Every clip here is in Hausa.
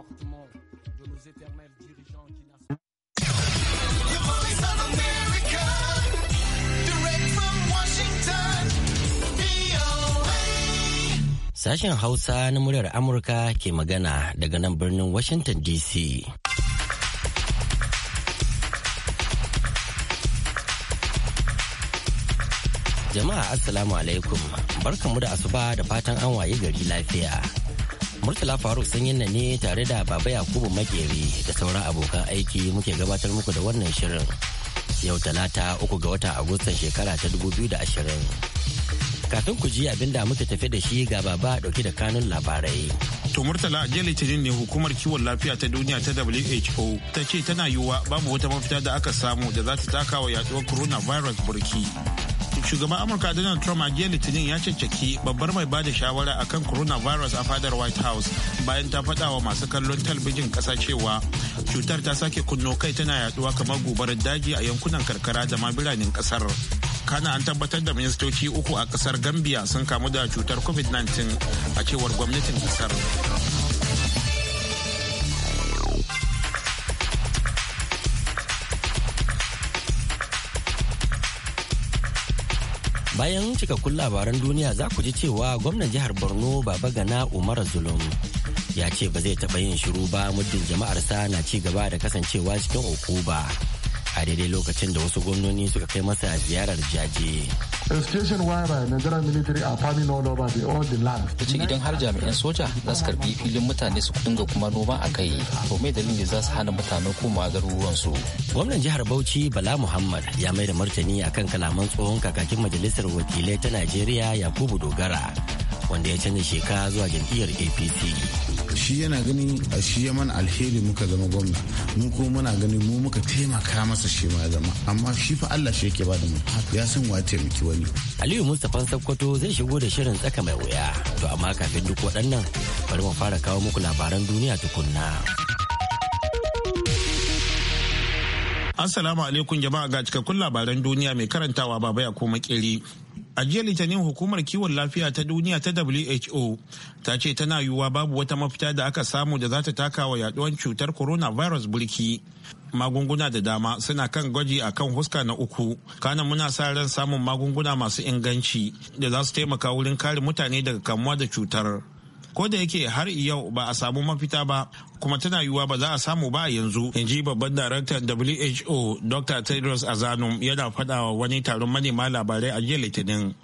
comportement de nos éternels dirigeants qui Sashen Hausa na muryar Amurka ke magana daga nan birnin Washington DC. Jama'a Assalamu alaikum, barkanmu da asuba da fatan an waye gari lafiya. Murtala Faruk sun yi ne tare da Baba Yakubu Makeri da sauran abokan aiki muke gabatar muku da wannan shirin. Yau talata uku ga wata Agustan shekara ta 2020. Kafin ku ji abin da muke tafi da shi ga baba dauke da kanun labarai. To Murtala jiya Litinin ne hukumar kiwon lafiya ta duniya ta WHO ta ce tana yiwuwa babu wata mafita da aka samu da za ta takawa yaduwar coronavirus burki. shugaban amurka donald trump a jiya litinin ya caccaki babbar mai bada shawara akan coronavirus a fadar white house bayan ta faɗa wa masu kallon talbijin ƙasa cewa cutar ta sake kunno kai tana yaduwa kamar gobarar daji a yankunan karkara da ma biranen ƙasar kana an tabbatar da ministoci uku a ƙasar gambia sun kamu da cutar covid-19 a cewar gwamnatin ƙasar Bayan cikakkun labaran duniya za ku ji cewa gwamnan jihar Borno Baba Gana Umar Zulum ya ce ba zai taɓa yin shiru ba muddin jama'arsa na ci gaba da kasancewa cikin okuba a daidai lokacin da wasu gwamnoni suka kai masa ziyarar jaje. station wire by Nigerian military are farming all over the all the land. Ta ce idan har jami'an soja za su karbi filin mutane su dinga kuma noma a kai to mai da za su hana mutanen komawa garuruwansu. Gwamnan jihar Bauchi Bala Muhammad ya mai da martani akan kalaman tsohon kakakin majalisar wakilai ta Najeriya Yakubu Dogara wanda ya canza shekara zuwa jam'iyyar APC. shi yana a shi ya mana alheri muka zama gwamna mu ko muna ganin mu muka taimaka masa shi ma zama amma shi fa Allah shi yake bada mu ya san wa taimaki wani Aliyu Mustapha Sakkwato zai shigo da shirin tsaka mai wuya to amma kafin duk waɗannan bari mu fara kawo muku labaran duniya tukunna Assalamu alaikum jama'a ga cikakkun labaran duniya mai karantawa baba ya ko makeri A jiya Litinin hukumar kiwon lafiya ta duniya ta WHO ta ce tana yiwuwa babu wata mafita da aka samu da za ta taka wa yaduwan cutar coronavirus bulki. Magunguna da dama suna kan gwaji a kan huska na uku, kana muna sa ran samun magunguna masu inganci da za su taimaka wurin kare mutane daga kamuwa da cutar. ko da yake har yau ba a samu mafita ba kuma tana yiwuwa ba za a samu ba a yanzu in ji babban daraktan who dr tedros azanum yana fadawa wani taron manema labarai a jiya litinin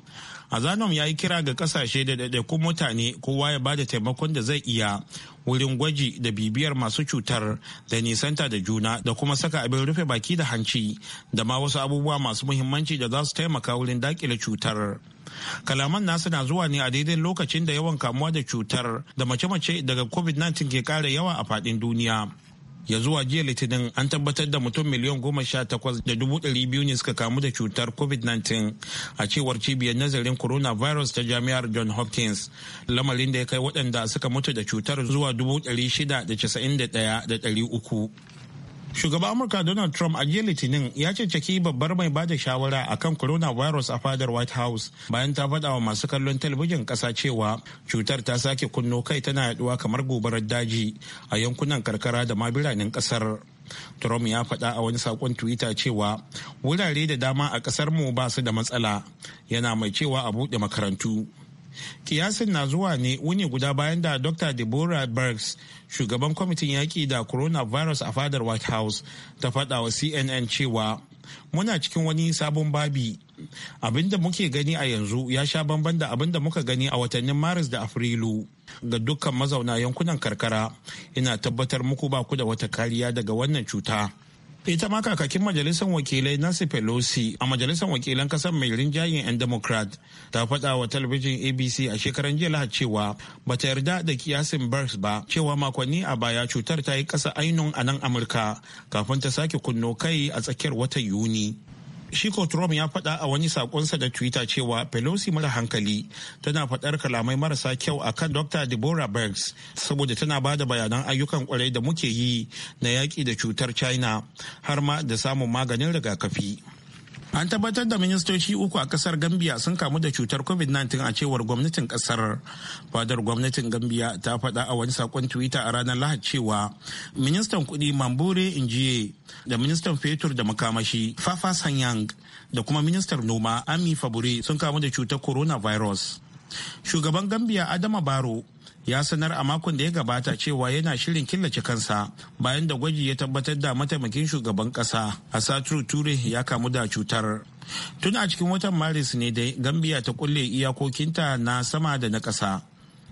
Azanom ya yi kira ga kasashe da ɗaiɗaikun mutane kowa ya bada taimakon da zai iya wurin gwaji da bibiyar masu cutar da nisanta da juna da kuma saka abin rufe baki da hanci da ma wasu abubuwa masu muhimmanci da za su taimaka wurin dakile cutar. Kalaman nasu na zuwa ne a daidai lokacin da yawan kamuwa da cutar da mace-mace daga COVID-19 ke kara yawa a faɗin duniya. ya zuwa jiya litinin an tabbatar da mutum miliyan goma sha takwas da dubu ɗari biyu ne suka kamu da cutar covid-19 a cewar cibiyar nazarin coronavirus ta jami'ar john hopkins lamarin da ya kai waɗanda suka mutu da cutar zuwa dubu ɗari shida da casa'in da ɗaya da ɗari uku Shugaban Amurka Donald Trump a jiya Litinin ya ceceki babbar mai bada shawara akan coronavirus a fadar White House bayan ta faɗa wa masu kallon talabijin ƙasa cewa cutar ta sake kunno kai tana yaduwa kamar gobarar daji a yankunan karkara da ma biranen ƙasar. Trump ya faɗa a wani saƙon Twitter cewa wurare da dama a ƙasar mu ba su da matsala yana mai cewa a buɗe makarantu. kiyasin na zuwa ne wuni guda bayan da dr deborah bergs shugaban kwamitin yaƙi da coronavirus a fadar white house ta faɗa wa cnn cewa muna cikin wani sabon babi abin da muke gani a yanzu ya sha bamban da abin da muka gani a watannin maris da afrilu ga dukkan mazauna yankunan karkara ina tabbatar muku ba ku da wata kariya daga wannan cuta ita ma kakakin majalisar wakilai nancy pelosi a majalisar wakilan kasar mai rinjayen 'yan democrat ta faɗa wa talabijin abc a shekaran jiya lahad cewa ba ta yarda da kiyasin birth ba cewa makonni a baya cutar ta yi ƙasa ainun a nan amurka kafin ta sake kunno kai a tsakiyar watan yuni shi Trump ya faɗa a wani sakonsa da Twitter cewa Pelosi mara hankali tana faɗar kalamai marasa kyau a kan Dr. Deborah Birx saboda tana ba da bayanan ayyukan kwarai da muke yi na yaƙi da cutar China har ma da samun maganin rigakafi. an tabbatar da ministoci uku a kasar gambia sun kamu da cutar covid-19 a cewar gwamnatin kasar fadar gwamnatin gambia ta faɗa a wani sakon twitter a ranar lahad cewa ministan kuɗi mambure injiye da ministan fetur da makamashi fafa sanyang da kuma ministar noma ami fabure sun kamu da cutar coronavirus shugaban gambia adama baro ya sanar a makon da ya gabata cewa yana shirin killace kansa bayan da gwaji ya tabbatar da mataimakin shugaban kasa a asatru ture ya kamu da cutar tun a cikin watan maris ne da gambia ta kulle iyakokinta na sama da na kasa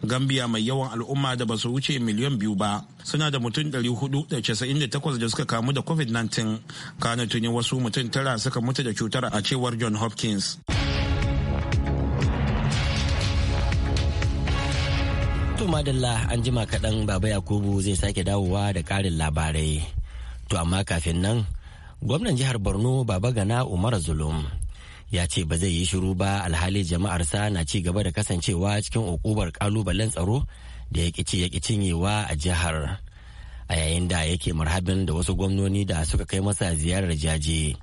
gambia mai yawan al'umma da ba su wuce miliyan biyu ba suna da mutum 498 da suka kamu da covid-19 kana tuni wasu mutum tara suka mutu da cutar a cewar john hopkins To madalla an jima kaɗan Baba Yakubu zai sake dawowa da ƙarin labarai. To amma kafin nan, gwamnan jihar Borno Baba Gana Umar Zulum ya ce ba zai yi shiru ba alhali jama'arsa na ci gaba da kasancewa cikin ukubar ƙalubalen tsaro da ya ƙici ya cinyewa a jihar. A yayin da yake marhabin da wasu gwamnoni da suka kai masa ziyarar jaje.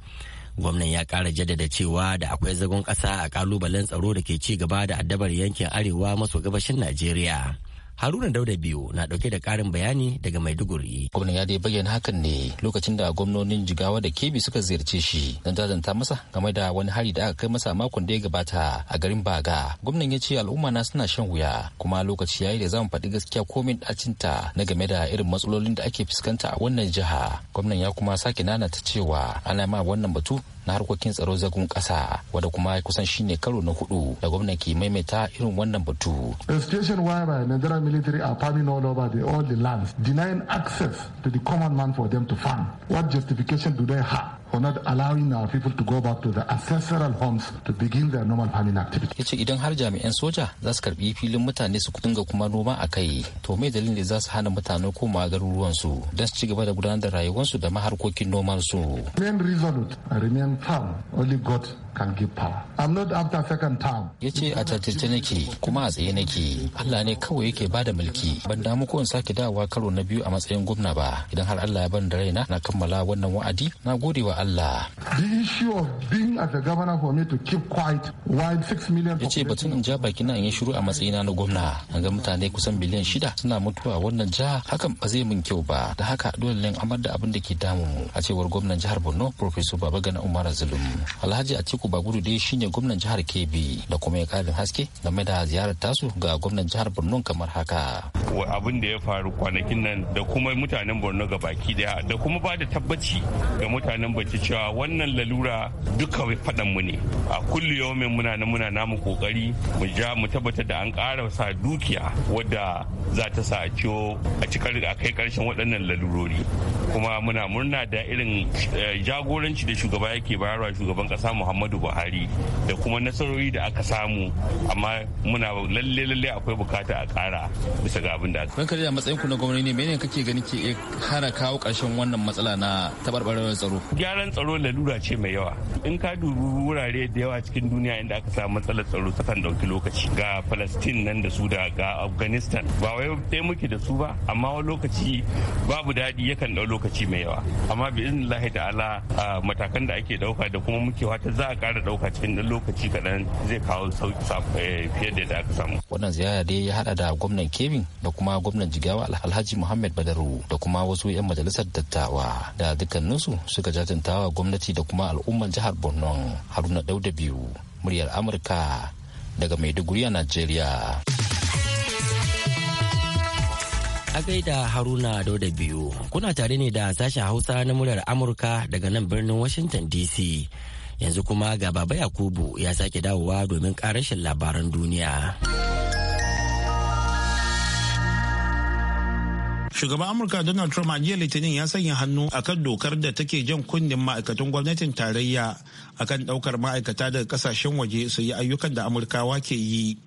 gwamnan ya kara jaddada cewa da akwai zagon kasa a kalubalen tsaro da ke ci gaba da addabar yankin arewa maso gabashin najeriya Haruna Dauda biyu na dauke da karin bayani daga Maiduguri. Gwamnan ya dai bayyana hakan ne lokacin da gwamnonin Jigawa da kebi suka ziyarce shi don zazanta masa game da wani hari da aka kai masa makon da ya gabata a garin Baga. Gwamnan ya ce al'umma na suna shan wuya kuma lokaci yayi da zamu faɗi gaskiya komin ɗacin ta na game da irin matsalolin da ake fuskanta a wannan jiha. Gwamnan ya kuma sake nanata cewa ana ma wannan batu na harkokin tsaro zagon kasa wanda kuma kusan shine karo na hudu da gwamnan ke maimaita irin wannan batu. military are farming all over the, all the lands, denying access to the common man for them to farm. What justification do they have? for not allowing our people to go back to the ancestral homes to begin their normal farming activity. Ya ce idan har jami'an soja za su karbi filin mutane su dinga kuma noma a kai, to mai dalilin za su hana mutane koma garuruwan su don su ci gaba da gudanar da rayuwarsu da maharkokin nomansu. Main resolute remain firm only God can after second Ya ce a tattace nake kuma a tsaye nake Allah ne kawai yake ba da mulki ban damu ko in sake dawowa karo na biyu a matsayin gwamna ba idan har Allah ya ban da raina na kammala wannan wa'adi na gode wa Allah. The Ya ce batun in ja baki na in yi shiru a matsayina na gwamna an ga mutane kusan biliyan shida suna mutuwa wannan ja. hakan ba zai mun kyau ba da haka dole ne amar da abin da ke damun a cewar gwamnan jihar Borno Professor Babagana Umar Zulum. Alhaji Atiku atiku bagudu dai shine gwamnan jihar kebbi da kuma ya karin haske game da ziyarar tasu ga gwamnan jihar borno kamar haka abin da ya faru kwanakin nan da kuma mutanen borno ga baki daya da kuma ba da tabbaci ga mutanen baki cewa wannan lalura duka faɗan mu ne a kullu yaumin muna na muna namu kokari mu ja mu tabbatar da an ƙara sa dukiya wadda za ta sa a ciwo a kai karshen waɗannan lalurori kuma muna murna da irin eh, jagoranci da shugaba yake bayarwa shugaban ƙasa muhammadu muhammadu buhari da kuma nasarori da aka samu amma muna lalle lalle akwai bukata a kara bisa ga abin da aka kare da matsayin ku na gwamnati ne menene kake gani ke hana kawo karshen wannan matsala na tabarbarewar tsaro gyaran tsaro lalura ce mai yawa in ka dubi wurare da yawa cikin duniya inda aka samu matsalar tsaro kan dauki lokaci ga palestine nan da su da ga afghanistan ba wai ɗaya muke da su ba amma wani lokaci babu daɗi yakan ɗau lokaci mai yawa amma bi da ta'ala matakan da ake ɗauka da kuma muke wata za a kara ɗauka cikin ɗan lokaci kaɗan zai kawo sauki eh, fiye da da aka samu. Wannan ziyara dai ya haɗa da gwamnan Kebin da kuma gwamnan Jigawa Alhaji Muhammad Badaru da kuma wasu 'yan majalisar dattawa da dukkaninsu suka jajantawa gwamnati da kuma al'ummar jihar Borno Haruna Dauda biyu muryar Amurka daga Maiduguri a Najeriya. A gaida Haruna Dauda biyu, kuna tare ne da sashen Hausa na muryar Amurka daga nan birnin Washington DC. yanzu kuma ga baba yakubu ya sake dawowa domin karashin labaran duniya shugaban amurka donald trump a jiya litinin ya sanya hannu akan dokar da take jan kundin ma'aikatan gwamnatin tarayya akan daukar ma'aikata daga kasashen waje su yi ayyukan da amurkawa ke yi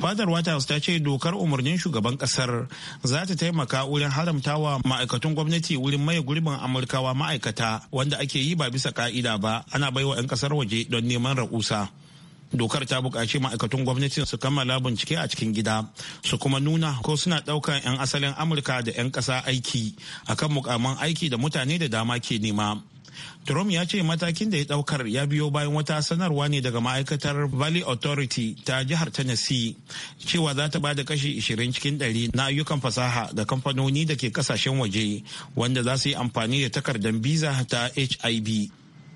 fadar white house ta ce dokar umarnin shugaban kasar za ta taimaka wurin haramtawa ma'aikatan gwamnati wurin maye gurbin amurkawa ma'aikata wanda ake yi ba bisa ka'ida ba ana baiwa 'yan kasar waje don neman rahusa dokar ta buƙaci ma'aikatan gwamnati su kammala bincike a cikin gida su kuma nuna ko suna ɗaukar 'yan asalin amurka da 'yan ƙasa aiki akan mukaman aiki da mutane da dama ke nema Trump ya ce matakin da ya daukar ya biyo bayan wata sanarwa ne daga ma'aikatar Valley Authority ta jihar Tennessee cewa za ta bada kashi 20 cikin 100 na ayyukan fasaha da kamfanoni da ke kasashen waje wanda za su yi amfani da takardar biza ta HIV.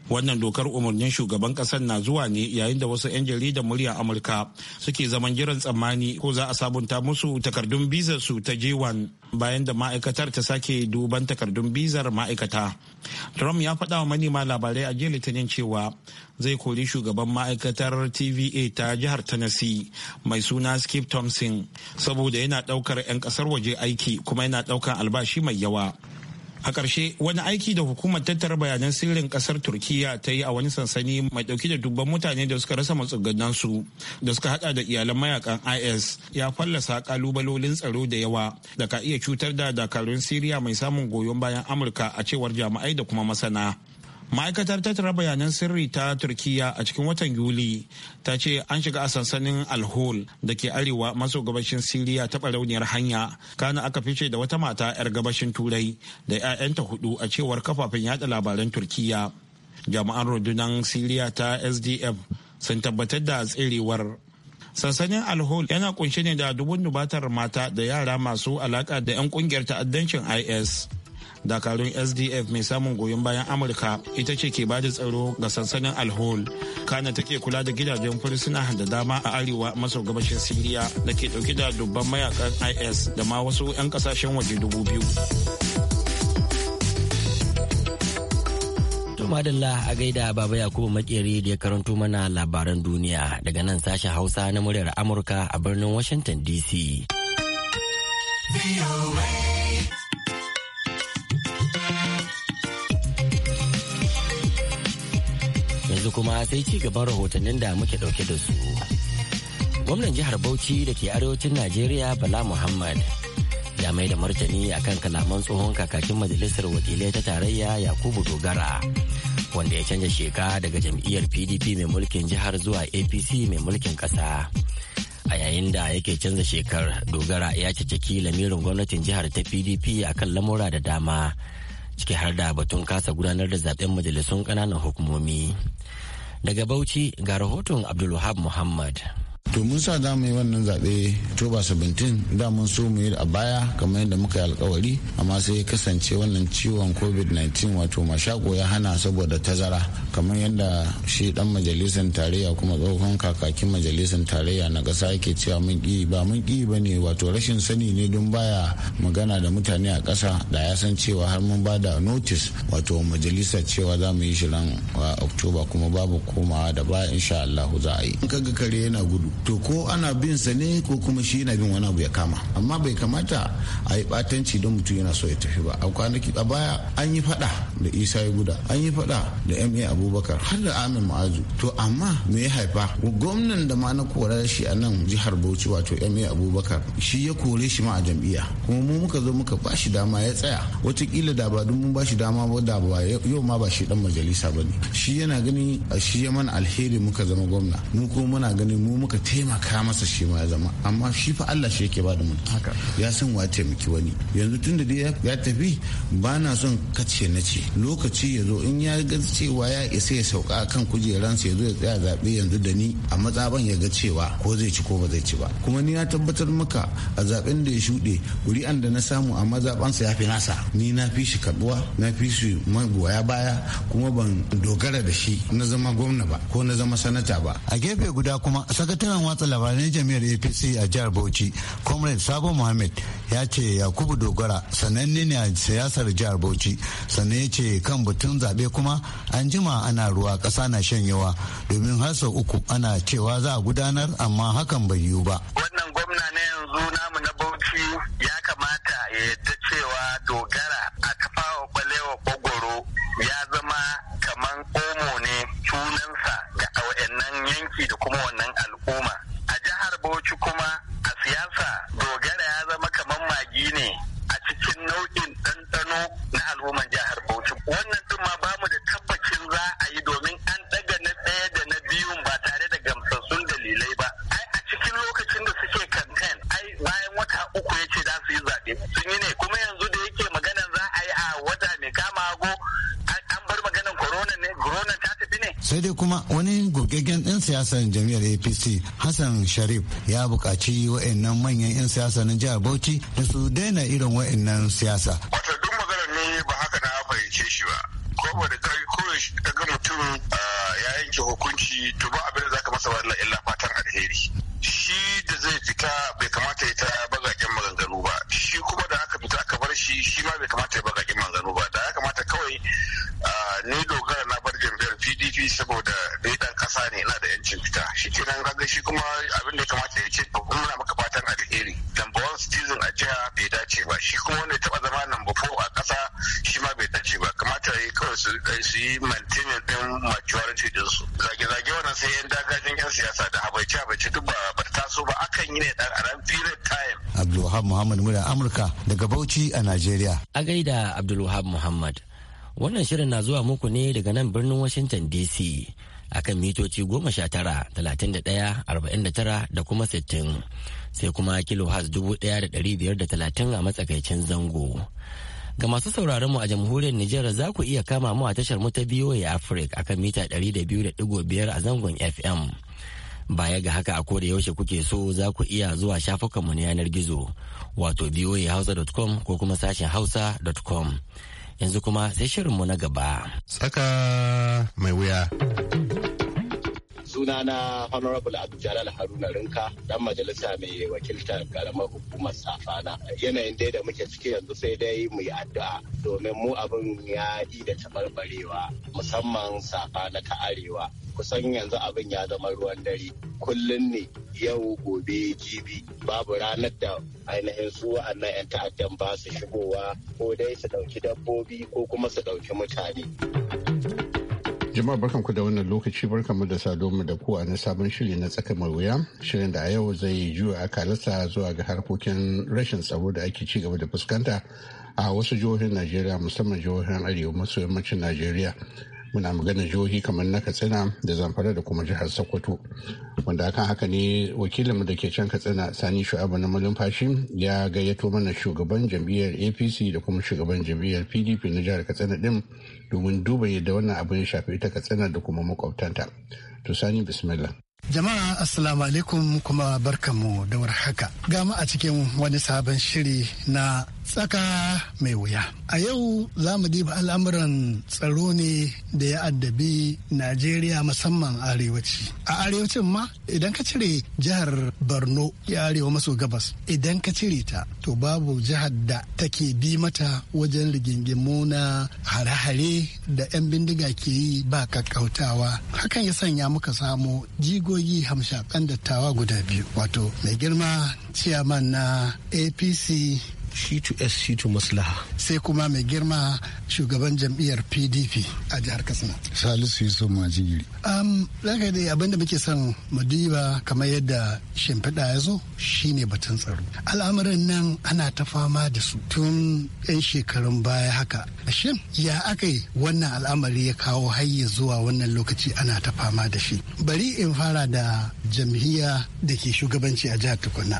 wannan dokar umarnin shugaban kasar na zuwa ne yayin da wasu 'yan jaridar murya amurka suke zaman jiran tsammani ko za a sabunta musu takardun bizar su ta j1 bayan da ma'aikatar ta sake duban takardun bizar ma'aikata trump ya faɗa wa manema labarai a jiya litinin cewa zai kori shugaban ma'aikatar tva ta jihar tennessee mai suna skip thompson saboda yana ɗaukar 'yan ƙasar waje aiki kuma yana ɗaukar albashi mai yawa a ƙarshe wani aiki da hukumar tattara bayanan sirrin ƙasar turkiya ta yi a wani sansani mai ɗauki da dubban mutane da suka rasa su da suka haɗa da iyalan mayakan is ya fallasa ƙalubalolin tsaro da yawa da ka iya cutar da dakarun siriya mai samun goyon bayan amurka a cewar jami'ai da kuma masana ma'aikatar tattara bayanan sirri ta turkiyya a cikin watan yuli ta ce an shiga a sansanin alhol da ke arewa maso gabashin siriya ta barauniyar hanya kana aka fice da wata mata 'yar gabashin turai da 'ya'yanta hudu a cewar kafafen yada labaran turkiyya jami'an rundunar siriya ta sdf sun tabbatar da tserewar sansanin alhol yana kunshe ne da dubun nubatar mata da yara masu alaka da 'yan kungiyar ta'addancin is dakarun sdf mai samun goyon bayan amurka ita ce ke bada tsaro ga sansanin alhol kana take kula da gidajen fursuna da dama a arewa maso gabashin siriya da ke dauke da dubban mayakan is da ma wasu 'yan kasashen waje dubu biyu madalla a gaida baba yakubu makeri da ya karanto mana labaran duniya daga nan sashen hausa na muryar amurka a birnin washington dc yanzu kuma sai ci gaban rahotannin da muke dauke da su gwamnan jihar bauchi da ke arewacin najeriya bala muhammad ya mai da martani akan kalaman tsohon kakakin majalisar wakilai ta tarayya yakubu dogara wanda ya canza sheka daga jam'iyyar pdp mai mulkin jihar zuwa apc mai mulkin kasa a yayin da yake canza shekar dogara ya ciciki lamirin gwamnatin jihar ta pdp akan lamura da dama ciki har da batun kasa gudanar da zaben majalisun ƙananan hukumomi. Daga Bauchi ga rahoton Abdulwahab Muhammad. to mun sa za mu yi wannan zaɓe toba 17 da mun so mu yi a baya kamar yadda muka yi alkawari amma sai ya kasance wannan ciwon covid-19 wato mashako ya hana saboda tazara kamar yadda shi dan majalisar tarayya kuma tsohon kakakin majalisar tarayya na ƙasa yake cewa mun ƙi ba mun ƙi ba wato rashin sani ne don baya magana da mutane a ƙasa da ya san cewa har mun ba da notice wato majalisar cewa za mu yi shirin a uh, oktoba kuma babu komawa da ba insha allahu za a yi. ga kare yana gudu to ko ana bin sa ne ko kuma shi yana bin wani abu ya kama amma bai kamata a yi batanci don mutum yana so ya tafi ba a kwanaki a baya an yi fada da isa ya guda an yi fada da ma abubakar har da amin ma'azu to amma me ya haifa gwamnan da ma na kora shi a nan jihar bauchi wato ma abubakar shi ya kore shi ma a jam'iyya kuma mu muka zo muka ba shi dama ya tsaya watakila da ba mun ba shi dama ba da ba yau ma ba shi dan majalisa ba ne shi yana gani shi ya mana alheri muka zama gwamna mu kuma muna gani mu muka taimaka masa shi ma ya zama amma shi fa Allah shi yake bada mulki ya san wa taimaki wani yanzu tunda dai ya tafi ba na son kace na ce lokaci ya zo in ya ga cewa ya isa ya sauka kan kujeransa ya zo ya tsaya zaɓe yanzu da ni a matsaban ya ga cewa ko zai ci ko ba zai ci ba kuma ni na tabbatar maka a zaɓen da ya shuɗe ƙuri'an da na samu a mazaɓansa ya fi nasa ni na fi shi karɓuwa na fi shi magoya baya kuma ban dogara da shi na zama gwamna ba ko na zama sanata ba a gefe guda kuma sakataren sakataren watsa labarai jami'ar apc a jihar bauchi comrade sabo mohammed ya ce yakubu dogara sananne ne a siyasar jihar bauchi sannan ya ce kan batun zaɓe kuma an jima ana ruwa ƙasa na yawa domin har sau uku ana cewa za a gudanar amma hakan bai yiwu ba wannan gwamna na yanzu namu na bauchi ya kamata ya yadda cewa dogara a kafa wa kwalewa kogoro ya zama kaman omo ne sunansa ga wayannan yanki da kuma wannan al'umma hukuma Bauchi hassan sharif ya buƙaci wa'annan manyan 'yan siyasa na jihar bauchi da su daina irin wa'annan siyasa Wata duk maganar ne ba haka na fahimce shi ba ko da ta ga mutum ya yanke hukunci to ba abin da za ka masa ba illa fatan alheri shi da zai fita bai kamata ya ta bagaƙen maganganu ba shi kuma da aka fita aka bar shi shi ma bai kamata ya bagaƙen maganganu ba da ya kamata kawai ni dogara na bar jam'iyyar pdp saboda shi kuma abin da kamata ya ce to muna maka fatan alheri number one citizen a jiha bai dace ba shi kuma wanda ya taba zama number four a kasa shi ma bai dace ba kamata ya yi kawai su eh, yi maintenance din maturity din su zage-zage wannan sai yan dagajin yan siyasa da habaice habaice duk ba ba taso ba akan yi ne dan aran period time Abdulwahab Muhammad muna Amurka daga Bauchi a Najeriya a gaida Abdulwahab Muhammad wannan shirin na zuwa muku ne daga nan birnin Washington DC kan mitoci goma sha tara talatin da ɗaya arba'in da kuma sittin sai kuma kilohas dubu ɗaya da a matsakaicin zango. Ga masu sauraron mu a jamhuriyar Nijar za ku iya kama mu a tashar mu ta ya Africa akan mita ɗari da biyu biyar a zangon FM. Baya ga haka a ko da yaushe kuke so za ku iya zuwa shafukanmu na yanar gizo wato voahausa.com ko kuma sashen hausa.com. yanzu kuma sai shirinmu na gaba. Tsaka mai wuya. Suna na honorable jalal haruna rinka dan majalisa mai wakiltar karamar hukumar safana yanayin dai da muke ciki yanzu sai dai mu yi addu'a domin mu abin ya yi da tabarbarewa musamman safana ta arewa kusan yanzu abin ya zama ruwan dare kullum ne yau gobe jibi babu ranar da ainihin su wa'annan 'yan ta'addan ba su shigowa ko dai su ɗauki dabbobi ko kuma su ɗauki mutane. Jama'a barkanku da wannan lokaci barkanmu da saduwa da ku a na sabon shiri na tsaka mai wuya shirin da a yau zai juya a kalasa zuwa ga harkokin rashin tsaro da ake cigaba da fuskanta a wasu jihohin Najeriya musamman jihohin Arewa maso yammacin Najeriya muna magana jihohi kamar na katsina da zamfara da kuma jihar sokoto wanda akan haka ne wakilinmu da ke can katsina sani shu'abu na malumfashi ya gayyato mana shugaban jam'iyyar apc da kuma shugaban jam'iyyar pdp na jihar katsina din domin duba yadda wannan abu ya shafi ita katsina da kuma makwabtanta to sani bismillah Jama'a Assalamu alaikum kuma barkanmu da warhaka. Gama a cikin wani sabon shiri na tsaka mai wuya. A yau za mu diba al'amuran tsaro ne da ya addabi Najeriya musamman arewaci. A arewacin ma idan ka cire jihar Borno ya arewa maso gabas idan ka cire ta to babu jihar da take bi mata wajen rigingimu na hare-hare da 'yan bindiga ke yi ba kakkautawa. Hakan ya sanya muka samu jigogi hamshakan dattawa guda biyu wato mai girma ciyaman na APC shi to s shi to maslaha sai kuma mai girma shugaban jam'iyyar pdp a jihar katsina salisu yusuf majigiri um, zaka dai abinda muke son madiba kamar yadda shimfiɗa ya zo shine batun tsaro al'amarin nan ana ta fama da su tun 'yan shekarun baya haka shin ya aka yi wannan al'amari ya kawo hayya zuwa wannan lokaci ana ta fama da shi bari in fara da jam'iyya da ke shugabanci a jihar tukuna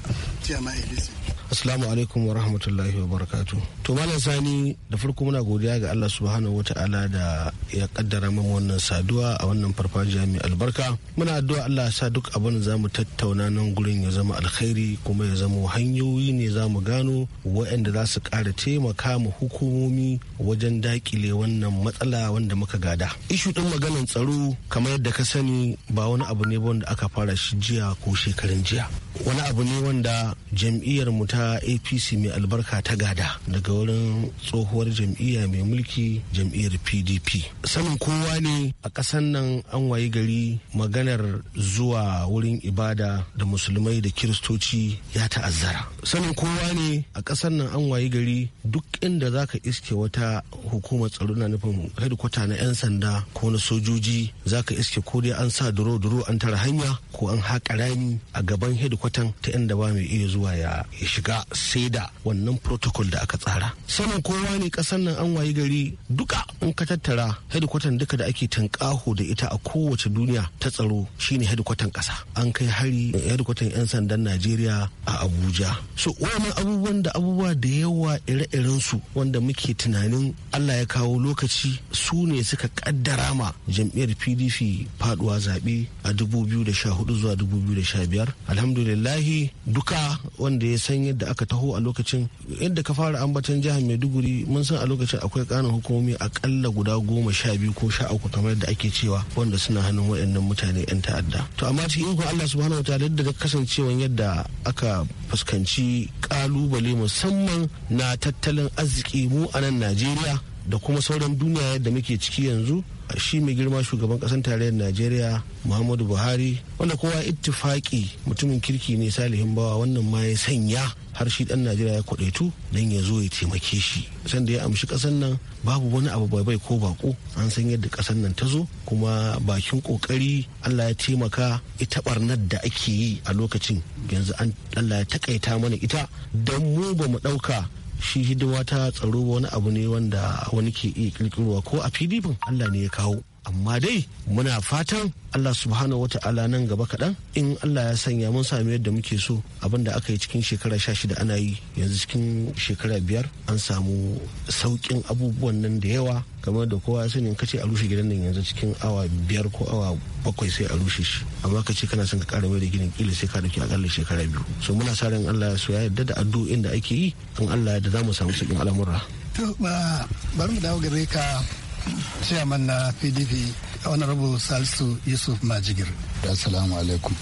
Assalamu alaikum wa rahmatullahi wa barakatu. To Malam Sani da farko muna godiya ga Allah subhanahu wa ta'ala da ya kaddara min wannan saduwa a wannan farfajiya mai albarka. Muna addu'a Allah ya sa duk abin da zamu tattauna nan gurin ya zama alkhairi kuma ya zama hanyoyi ne zamu gano waɗanda za su ƙara taimaka mu hukumomi wajen dakile wannan matsala wanda muka gada. Ishu ɗin maganar tsaro kamar yadda ka sani ba wani abu ne wanda aka fara shi jiya ko shekarun jiya. Wani abu ne wanda jam'iyyar mu ta ta apc mai albarka ta gada daga wurin tsohuwar jam'iyya mai mulki jam'iyyar pdp sanin kowa ne a ƙasan nan an wayi gari maganar zuwa wurin ibada da musulmai da kiristoci ya ta'azzara sanin kowa ne a ƙasan nan an wayi gari duk inda za ka iske wata hukumar tsaro na nufin hedikwata na 'yan sanda ko na sojoji za ka iske ko dai an sa duro-duro an tara hanya ko an haƙa rami a gaban hedikwatan ta inda ba mai iya zuwa ya shiga shiga sai da wannan protocol da aka tsara sanin kowa ne kasan nan an wayi gari duka in ka tattara headquarter duka da ake tankaho da ita a kowace duniya ta tsaro shine headquarter kasa an kai hari headquarter yan sandan najeriya a abuja so wannan abubuwan da abubuwa da yawa ire-iren su wanda muke tunanin allah ya kawo lokaci su ne suka kaddara ma jam'iyyar pdp faduwa zaɓe a 2014 zuwa 2015 alhamdulillahi duka wanda ya sanya yadda aka taho a lokacin yadda ka fara ambaton jihar maiduguri mun san a lokacin akwai kanin hukumomi akalla guda goma sha biyu ko sha uku kamar yadda ake cewa wanda suna hannun waɗannan mutane yan ta'adda to amma cikin ikon allah subhanahu wataala yadda kasancewa yadda aka fuskanci kalubale musamman na tattalin arziki mu a nan najeriya da kuma sauran duniya yadda muke ciki yanzu shi mai girma shugaban kasan tarayyar najeriya muhammadu buhari wanda kowa ittifaki mutumin kirki ne salihin bawa wannan ma ya sanya har shi dan najeriya ya kwadaitu don ya zo ya taimake shi sanda ya amshi kasan nan babu wani abu bai bai ko bako an san yadda kasan nan ta zo kuma bakin kokari allah ya taimaka ita barnar da ake yi a lokacin yanzu allah ya takaita mana ita don mu ba mu dauka shi hidima ta tsaro wani abu ne wanda wani ke iya kirkirowa ko a pdp allah ne ya kawo amma dai muna fatan Allah subhanahu wata'ala nan gaba kaɗan in Allah ya sanya mun sami yadda muke so abin da aka yi cikin shekara sha shida ana yi yanzu cikin shekara biyar an samu sauƙin abubuwan nan da yawa kamar da kowa ya sani kace a rushe gidan nan yanzu cikin awa biyar ko awa bakwai sai a rushe shi amma kace kana son ka ƙara mai da ginin ƙila sai ka dauki akalla shekara biyu so muna sa ran Allah ya so ya yarda da addu'o'in da ake yi in Allah ya da za mu samu sauƙin al'amura. to bari mu dawo gare ka chairman na uh, pdp honorable salisu yusuf majigir assalamu alaikum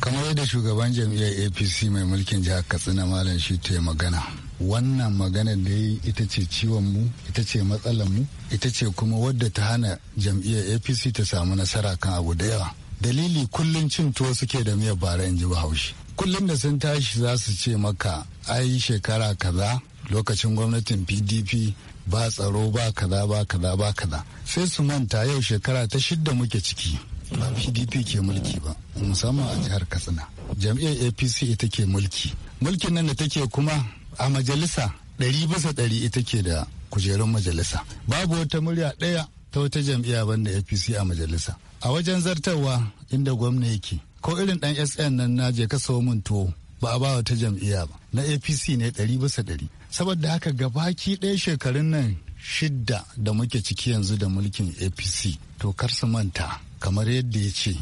kamar yadda shugaban jam'iyyar apc mai mulkin jihar katsina malam shi ta magana wannan magana da yi ita ce ciwon mu ita ce matsalar mu ita ce kuma wadda ta hana jam'iyyar apc ta samu nasara kan abu da yawa dalili kullum cin tuwo suke da miyar bara in ji bahaushe kullum da sun tashi za su ce maka ai shekara kaza lokacin gwamnatin pdp ba tsaro ba kaza ba kaza ba kaza sai su manta yau shekara ta shidda muke ciki ba pdp ke mulki ba musamman a jihar katsina jam'iyyar apc ita ke mulki mulkin nan da take kuma a majalisa ɗari bisa ɗari ita ke da kujerun majalisa babu wata murya ɗaya ta wata jam'iyya banda apc a majalisa a wajen zartarwa inda gwamna yake ko irin ɗan sn nan na je ka sawo min tuwo ba a ba wata jam'iyya ba na apc ne ɗari bisa ɗari saboda haka gabaki ɗaya shekarun nan shidda da muke ciki yanzu da mulkin apc to kar su manta kamar yadda ya ce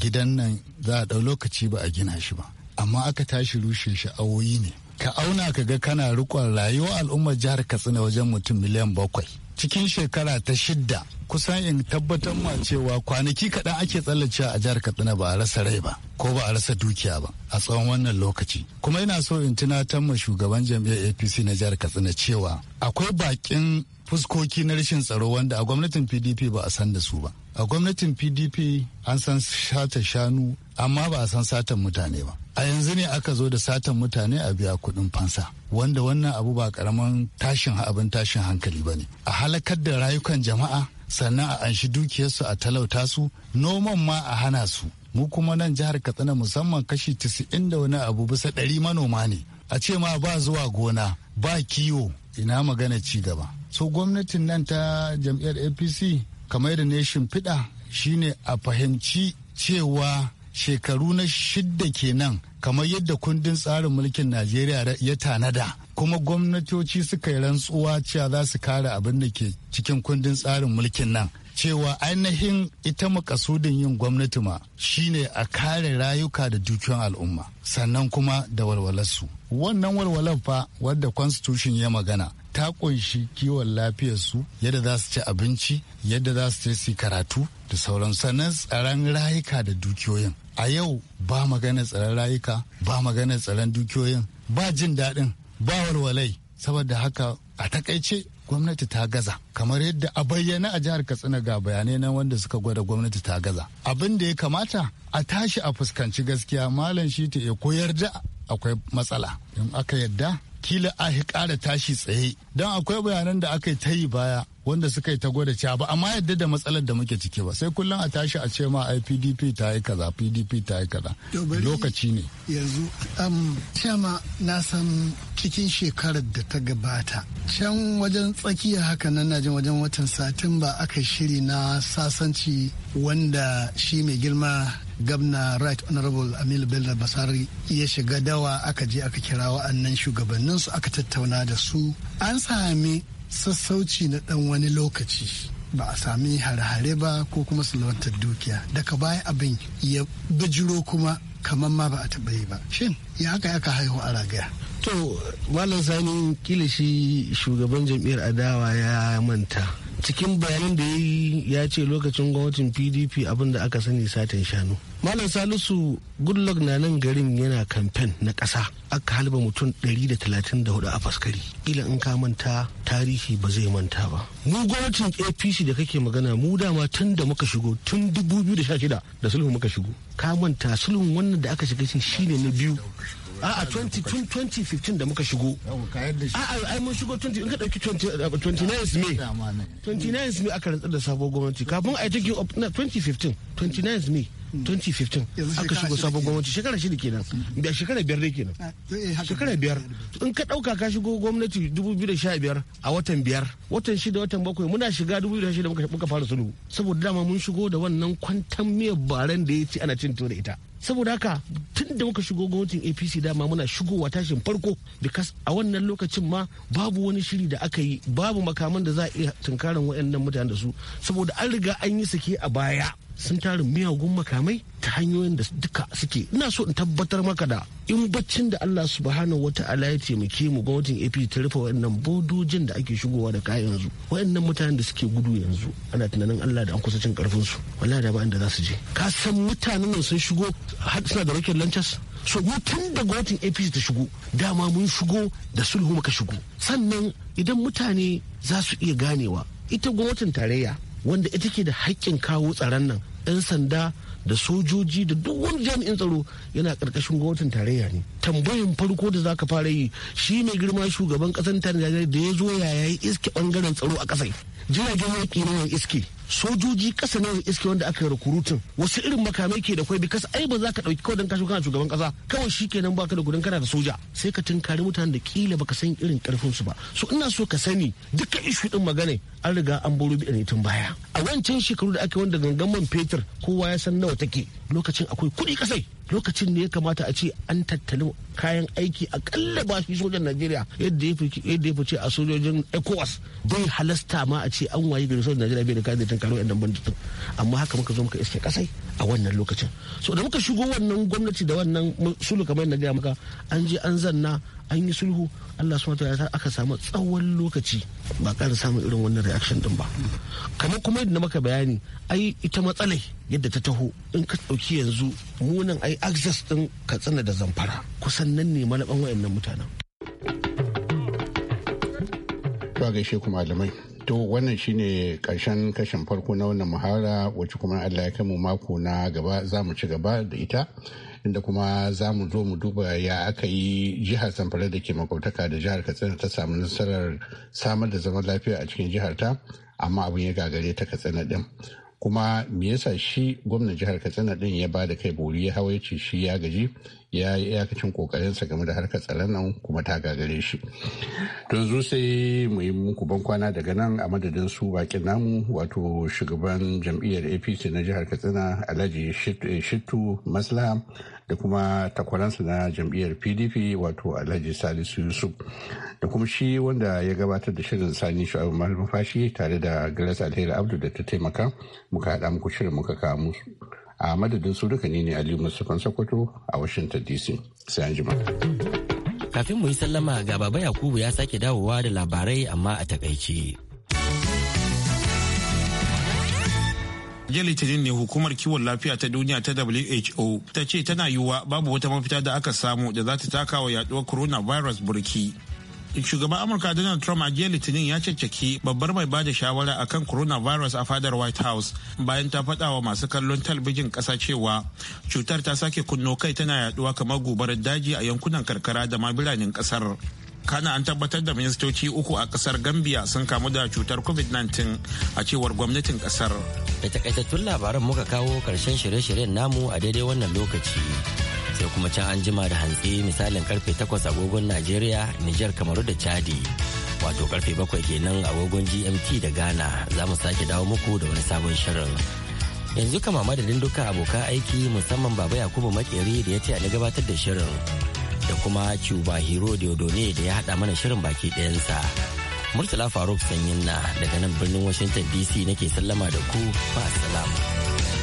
gidan nan za a ɗau lokaci ba a gina shi ba amma aka tashi rushe sha'awoyi ne ka auna ka ga kana rikon rayuwar al'ummar jihar katsina wajen mutum miliyan bakwai cikin shekara ta shidda kusan in tabbatar ma cewa kwanaki kaɗan ake tsallacewa a jihar katsina ba a rasa rai ba ko ba a rasa dukiya ba a tsawon wannan lokaci kuma ina so in tunatar ma shugaban jam'iyyar apc na jihar katsina cewa akwai bakin fuskoki na rashin tsaro wanda a gwamnatin pdp ba a san da su ba a gwamnatin pdp an san sata shanu amma ba a san satan mutane ba a yanzu ne aka zo da satan mutane a biya kuɗin fansa wanda wannan abu ba karaman tashin abin tashin hankali ba ne a halakar da rayukan jama'a sannan a anshi dukiyarsu a talauta su noman ma a hana su mu kuma nan jihar katsina musamman kashi 90 da wani abu bisa ɗari manoma ne a ce ma ba zuwa gona ba kiwo ina magana ci gaba so gwamnatin nan ta jam'iyyar apc kamar da ne shimfiɗa shine a fahimci cewa shekaru na shidda kenan kamar yadda kundin tsarin mulkin najeriya ya tanada kuma gwamnatoci suka yi rantsuwa cewa za su kare abin da ke cikin kundin tsarin mulkin nan cewa ainihin ita makasudin yin gwamnati ma shine a kare rayuka da dukiyan al'umma sannan kuma da walwalarsu wannan walwalar fa wadda constitution ya magana ta kunshi kiwon lafiyar su yadda za su ci abinci yadda za su ci karatu da sauran sannan tsaron rayuka da dukiyoyin a yau ba magana tsaron rayuka ba magana tsaron dukiyoyin ba jin daɗin ba walwalai saboda haka a takaice gwamnati ta gaza kamar yadda a bayyana a jihar katsina ga bayanai na wanda suka gwada gwamnati ta gaza abin da ya kamata a tashi a fuskanci gaskiya malam shi ta ya koyar da akwai matsala in aka yadda kila a tashi tsaye don akwai bayanan da aka yi ta yi baya wanda suka yi ta gwada cewa ba amma yadda da matsalar da muke ciki ba sai kullum a tashi a ce ma ai pdp ta yi kaza pdp ta yi kaza lokaci ne yanzu am um, cema na san cikin shekarar da ta gabata can wajen tsakiya haka nan najin wajen watan satumba aka shiri na sasanci wanda shi mai girma Gamna right honorable amil bello basari ya shiga dawa aka je aka kira wa'annan shugabannin su aka tattauna da su an sami sassauci na dan wani lokaci ba a sami hare-hare ba ko kuma salwantar dukiya daga baya abin ya bijiro kuma kamar ma ba a taɓa yi ba shin ya haka aka haihu a ragaya to malam sani kila shi shugaban jam'iyyar adawa ya manta cikin bayanan da ya ce lokacin gwamnatin pdp abin da aka sani satin shanu malam salisu goodluck na nan garin yana kamfen na ƙasa aka halba mutum 134 a faskari ila in ka manta tarihi ba zai manta ba mu gwamnatin apc da kake magana mu dama tun da muka shigo tun 2016 da sulhu muka shigo ka manta sulhun wannan da aka shiga shi shine na biyu a a 2015 da muka shigo a a ai mun shigo 20 in ka dauki 29 may 29 may aka rantsar da sabuwar gwamnati kafin a yi taking up 2015 29 may 2015 aka shigo sabon gwamnati shekara shida kenan biya shekara biyar dai kenan ah, eh, shekara biyar in ka dauka ka shigo gwamnati 2015 a watan biyar watan shida watan bakwai muna shiga 2016 muka fara sulhu saboda dama mun shigo da wannan kwantan miyar baren da ya ci ana cin da ita saboda haka tun da muka shigo gwamnatin apc dama muna shigowa tashin farko because a wannan lokacin ma babu wani shiri da aka yi babu makaman da za a iya tunkarin waɗannan mutane da su saboda an riga an yi sake a baya sun tara miyagun makamai ta hanyoyin da duka suke ina so in tabbatar maka da in baccin da Allah subhanahu ta'ala ya taimake mu gwamnatin AP ta rufe waɗannan bodojin da ake shigowa da kayan yanzu waɗannan mutanen da suke gudu yanzu ana tunanin Allah da an kusa cin karfin su wallahi da ba inda za su je ka san mutanen nan sun shigo har suna da rocket launchers so mu tun da gwamnatin apc ta shigo dama mun shigo da sulhu muka shigo sannan idan mutane za su iya ganewa ita gwamnatin tarayya wanda ita ke da haƙƙin kawo tsaron nan 'yan sanda da sojoji da duk wani jami'in tsaro yana karkashin gwamnatin tarayya ne tambayin farko da zaka fara yi shi mai girma shugaban kasar tarayya da ya zo yayi iske bangaren tsaro a kasai jiragen yaƙi na iske sojoji kasa nan iske wanda aka yi rukurutun wasu irin makamai ke da kwai bikas ai ba za ka ɗauki kawai dan kashi kana shugaban kasa kawai shikenan ka da gudun kana da soja sai ka tunkari mutanen da kila baka san irin karfin su ba so ina so ka sani dukkan ishu din magana an riga an baro bi ne tun baya a wancan shekaru da aka yi wanda gangan man fetur kowa ya san nawa take lokacin akwai kuɗi kasai lokacin ne ya kamata a ce an tattali kayan aiki akalla ba shi sojan najeriya yadda ya fice a sojojin ecowas bai halasta ma a ce an wayi gari sojan najeriya bai da kayan da tankaro yan damban amma haka muka zo muka iske kasai a wannan lokacin so da muka shigo wannan gwamnati da wannan sulhu kamar yadda gaya maka an je an zanna an yi sulhu Allah subhanahu wa aka samu tsawon lokaci ba ƙara samun irin wannan reaction din ba kamar kuma yadda maka bayani ai ita matsalai yadda ta taho in ka ɗauki yanzu munan ai access din katsina da zamfara kusan nan ne malaban wayannan mutanen ba gaishe kuma malamai To wannan shine karshen kashin farko na wannan muhara wacce kuma Allah ya mu mako na gaba za mu ci gaba da ita inda kuma za mu zo mu duba ya aka yi jihar Zamfara da ke makwabtaka da jihar Katsina ta samu nasarar samar da zaman lafiya a cikin jihar ta amma abin ya gagare ta Katsina din. Kuma me yasa shi gwamnan jihar Katsina din ya ba da kai bori ya hawa ya ce shi ya gaji ya yi iyakacin kokarinsa game da harkar tsaron nan kuma ta gagare shi to yanzu sai mu yi muku ban kwana daga nan a madadin su bakin namu wato shugaban jam'iyyar apc na jihar katsina alhaji eh, shittu maslaha da kuma takwaransa na jam'iyyar pdp wato alhaji salisu yusuf da kuma shi wanda ya gabatar da shirin sani shu'abu malumfashi tare da grace alheri abdu da ta taimaka muka haɗa muku shirin muka kawo musu a madadin su duka ne ne aliyu mustapha sokoto a washington dc sai an jima kafin muyi sallama ga baba yakubu ya sake dawowa da labarai amma a takaice jiya litinin ne hukumar kiwon lafiya ta duniya ta who ta ce tana yiwuwa babu wata mafita da aka samu da za ta taka wa yaduwar coronavirus burki shugaban amurka donald trump a jiya litinin ya caccaki babbar mai bada shawara akan coronavirus a fadar white house bayan ta faɗa wa masu kallon talbijin ƙasa cewa cutar ta sake kunno kai tana yaduwa kamar gobarar daji a yankunan karkara da ma biranen ƙasar kana an tabbatar da ministoci uku a ƙasar gambia sun kamu da cutar covid-19 a cewar gwamnatin ƙasar da takaitattun labaran muka kawo ƙarshen shirye-shiryen namu a daidai wannan lokaci sai kuma can an jima da hantsi misalin karfe takwas agogon Najeriya, Nijar, Kamaru da Chadi. Wato karfe bakwai kenan agogon GMT da Ghana za mu sake dawo muku da wani sabon shirin. Yanzu kama madadin duka abokan aiki musamman Baba Yakubu Makeri da ya ce a gabatar da shirin da kuma Cuba Hero Diodone da ya hada mana shirin baki ɗayansa. Murtala Faruk Sanyin na daga nan birnin washinton DC nake sallama da ku ba salamu.